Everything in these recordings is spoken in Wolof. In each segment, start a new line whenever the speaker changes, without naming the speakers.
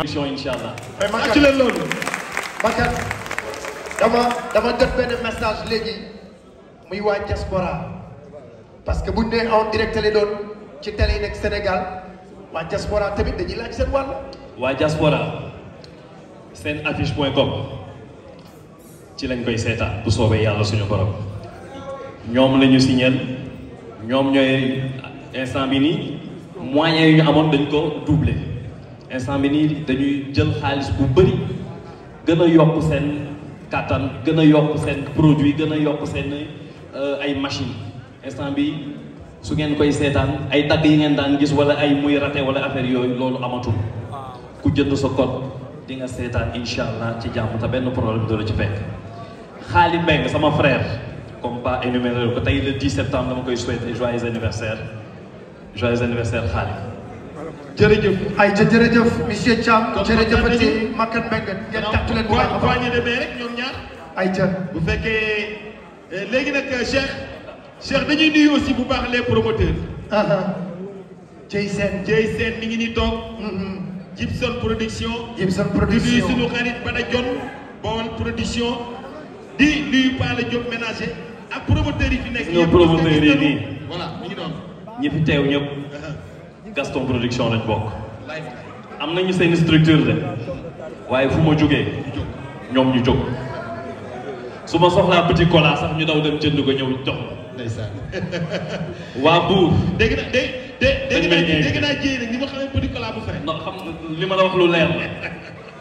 émission incha allah.
Eh, mais ci leen loolu. Bakar dama dama message léegi muy waa diaspora parce que bu nee en direct la ci télé yi nekk Sénégal waa diaspora tamit dañuy laaj seen wàll.
waa diaspora seen affiche point com ci lañ koy seeta bu soobee yàlla suñu borom ñoom la ñu ñoom ñooy instant bi nii moyens yi ñu amoon dañ ko double instant bi nii dañuy jël xaalis bu bëri gën a yokk seen kàttan gën a yokk seen produit gën a yokk seen euh, ay machine instant bi su ngeen koy seetaan ay dagg yi ngeen daan gis wala ay muy rate wala affaire yooyu loolu amatul ku jënd sa code di nga seetaan incha allah ci jàmm te benn problème doo la ci fekk xaali mbeng sama frère comme pas énuméré ko tey le 10 septembre dama koy souhaiter joyeux anniversaire joyeux anniversaire xaali jërëjëf
ay ca jërëjëf monsieur Thiam jërëjëfati Makan Mbengue ngeen tàttu leen bu baax a baax poignée de main rek ñoom ñaar ay ca bu fekkee euh, léegi nag euh, Cheikh Cheikh dañuy nuyu aussi bu baax les promoteurs Jey Sène Jey Sène mi ngi ni toog mm-hmm. Gibson production Gibson production di nuyu suñu xarit Bada Jon Bawol production di nuyu Pala Diop ménager ak promoteurs yi fi nekk ñoom promoteurs yi nii voilà mi ngi doon
ñi fi teew ñëpp Gaston production lañ bokk am nañu seen structure de waaye fu ma jógee ñoom ñu jóg su ma soxlaa petit cola sax ñu daw dem jënd ko ñëw jox ndeysaan waa buur dégg na dégg dégg naa dégg naa
jéy nag ni ma bu fere
li ma la lu leer la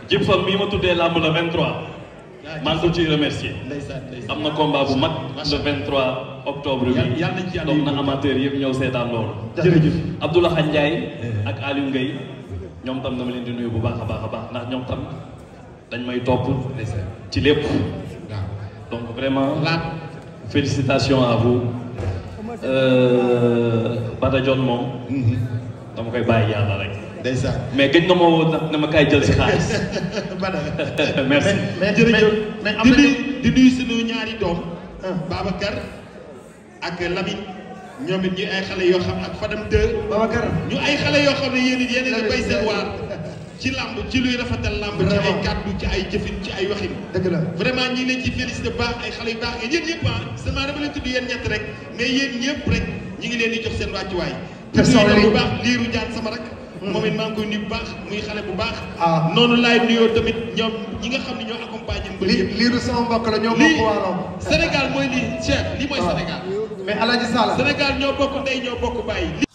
Jibson mii ma tuddee làmb le 23 ah, maa ngi ko ciy remercier am na combat bu mag le octobre bi yàlla ci dox na amateur yëpp ñëw seetaan loolu jërëjëf Abdoulaye Ndiaye eh. ak Aliou Ngaye ñoom tam dama leen di nuyu bu baax baax baax ndax ñoom tam dañ may topp ci lépp donc vraiment félicitations à vous euh, Bada John moom mhm. dama koy bàyyi yàlla rek mais gëj na ma woo ma kaay jël xaalis merci
mais jërëjëf mais am na di suñu ñaari doom ah. Babacar ak Lamine ñoom it ñu ay xale yoo xam ak Fadam yoo xam ne yéen it yéen a ngi bay seen waar ci lamb ci luy rafetal lamb ci ay kàddu ci ay jëfin ci ay waxin. vraiment ñii ngi leen ci félicité baax ay xale yu baax ngeen yéen ñëpp ah seulement dama leen tudd yéen ñett rek mais yéen ñëpp rek ñi ngi leen di jox seen wàccuwaay. te bu baax liiru jaan sama rak moom it maa koy nuyu bu baax muy xale bu baax. ah noonu laay nuyoo tamit ñoom ñi nga xam ne ñoo accompagné. mbir yëpp li liiru sama mbokk la ñoo bokk
mais El Hadj Sall. Sénégal
ñoo bokk ndey ñoo bokk bàyyi.